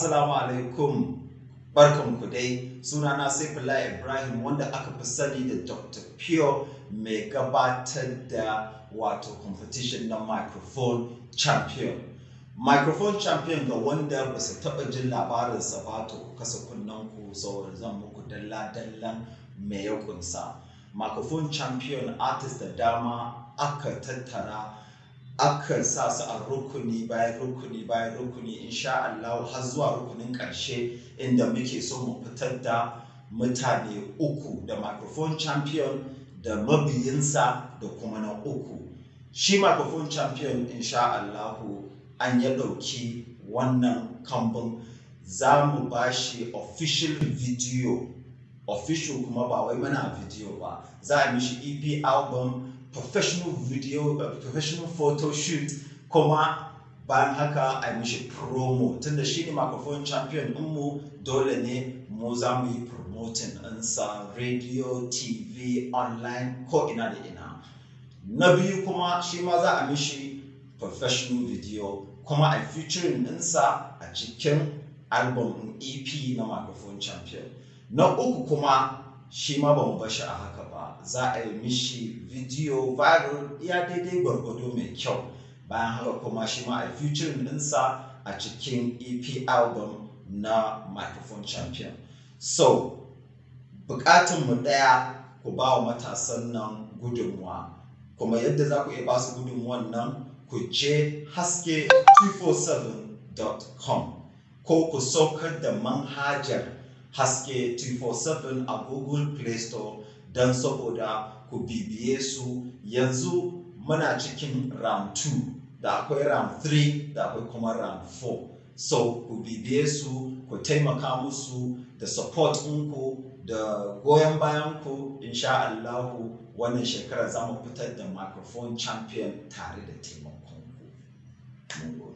Assalamu alaikum barkanku dai sunana Saifullah Ibrahim wanda aka fi sani da Dr. Pio mai gabatar da wato competition na microphone champion. Microphone champion ga wanda ba su taɓa jin labarinsa ba to kasa kunnen ku saboda zan muku dalla-dallan mai ya kunsa. Microphone champion artist da dama aka tattara akan sa su a rukuni bayan rukuni bayan rukuni insha Allah har zuwa rukunin ƙarshe inda muke so mu fitar da mutane uku da microphone champion da mabiyinsa da kuma na uku shi microphone champion insha Allahu an ya ɗauki wannan kambun za mu ba shi official video official kuma ba wai mana video ba za a mishi ep album professional video eh, professional photo shoot kuma bayan haka a mishi promo tunda shi ne microphone champion mu dole ne mu za mu yi promoting ɗinsa radio tv online ko ina da ina na biyu kuma shi ma za a mishi professional video kuma a featuring ɗinsa a cikin album ep na microphone champion na uku kuma shi ma ba mu bashi a haka ba za a yi mishi video viral ya daidai gwargwado mai kyau bayan haka kuma shi ma a future ɗinsa a cikin ep album na microphone champion so mu ɗaya ku ba wa matasan nan gudunmuwa kuma yadda za ku iya ba su gudunmuwan nan ku je haske247.com ko ku saukar da manhajar haske 247 a google play store don saboda ku bibiye su yanzu muna cikin ram 2 da akwai ram 3 da akwai kuma ram 4 so ku bibiye su ku taimaka musu da support ku da goyon bayan bayanku insha Allahu wannan shekara za mu fitar da microphone champion tare da taimakon ku.